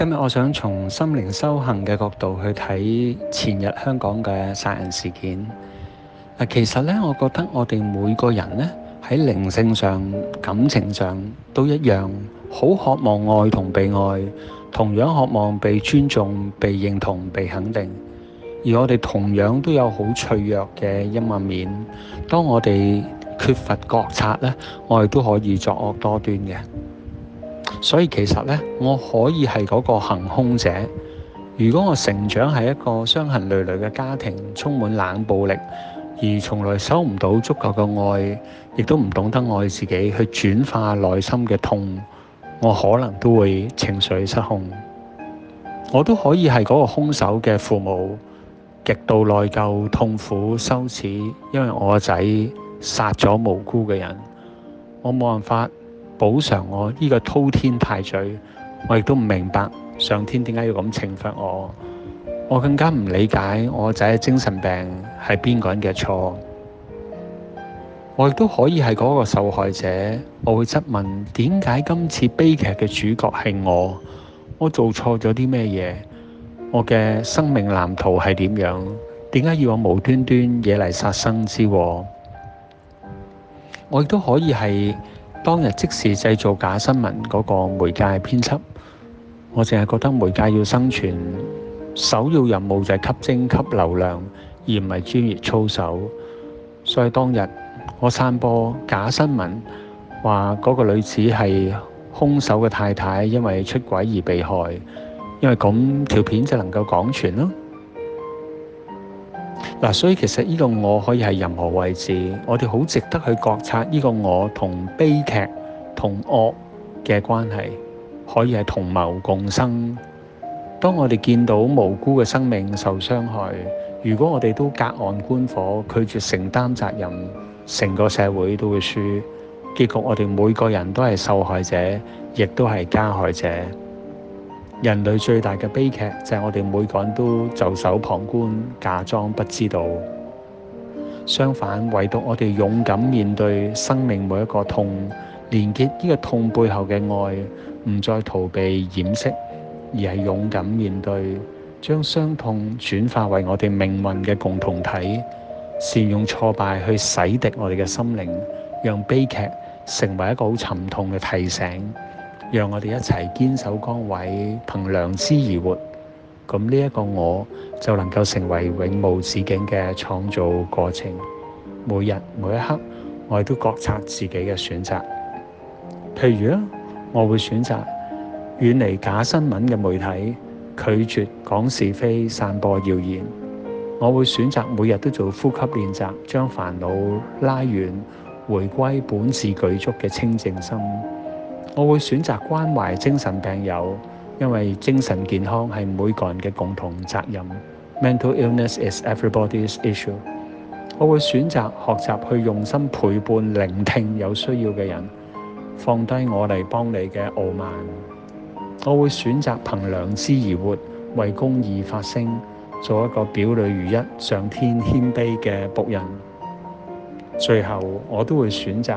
今日我想從心靈修行嘅角度去睇前日香港嘅殺人事件。其實咧，我覺得我哋每個人呢，喺靈性上、感情上都一樣，好渴望愛同被愛，同樣渴望被尊重、被認同、被肯定。而我哋同樣都有好脆弱嘅陰暗面。當我哋缺乏覺察咧，我哋都可以作惡多端嘅。所以其實咧，我可以係嗰個行凶者。如果我成長係一個傷痕累累嘅家庭，充滿冷暴力，而從來收唔到足夠嘅愛，亦都唔懂得愛自己，去轉化內心嘅痛，我可能都會情緒失控。我都可以係嗰個兇手嘅父母，極度內疚、痛苦、羞恥，因為我個仔殺咗無辜嘅人，我冇辦法。補償我呢個滔天大罪，我亦都唔明白上天點解要咁懲罰我，我更加唔理解我仔嘅精神病係邊個人嘅錯。我亦都可以係嗰個受害者，我會質問，點解今次悲劇嘅主角係我，我做錯咗啲咩嘢？我嘅生命藍圖係點樣？點解要我無端端惹嚟殺身之禍？我亦都可以係。當日即時製造假新聞嗰個媒介編輯，我淨係覺得媒介要生存，首要任務就係吸精吸流量，而唔係專業操守。所以當日我散播假新聞，話嗰個女子係兇手嘅太太，因為出軌而被害，因為咁條片就能夠廣傳咯。嗱、啊，所以其實呢個我可以係任何位置，我哋好值得去覺察呢個我同悲劇同惡嘅關係，可以係同謀共生。當我哋見到無辜嘅生命受傷害，如果我哋都隔岸觀火，拒絕承擔責任，成個社會都會輸，結局我哋每個人都係受害者，亦都係加害者。人類最大嘅悲劇就係我哋每個人都袖手旁觀，假裝不知道。相反，唯獨我哋勇敢面對生命每一個痛，連結呢個痛背後嘅愛，唔再逃避掩飾，而係勇敢面對，將傷痛轉化為我哋命運嘅共同體，善用挫敗去洗滌我哋嘅心靈，讓悲劇成為一個好沉痛嘅提醒。讓我哋一齊堅守崗位，憑良知而活。咁呢一個我，就能夠成為永無止境嘅創造過程。每日每一刻，我都覺察自己嘅選擇。譬如啦、啊，我會選擇遠離假新聞嘅媒體，拒絕講是非、散播謠言。我會選擇每日都做呼吸練習，將煩惱拉遠，回歸本自具足嘅清淨心。我會選擇關懷精神病友，因為精神健康係每個人嘅共同責任。Mental illness is everybody's issue。我會選擇學習去用心陪伴、聆聽有需要嘅人，放低我嚟幫你嘅傲慢。我會選擇憑良知而活，為公義發聲，做一個表裏如一、上天謙卑嘅僕人。最後，我都會選擇。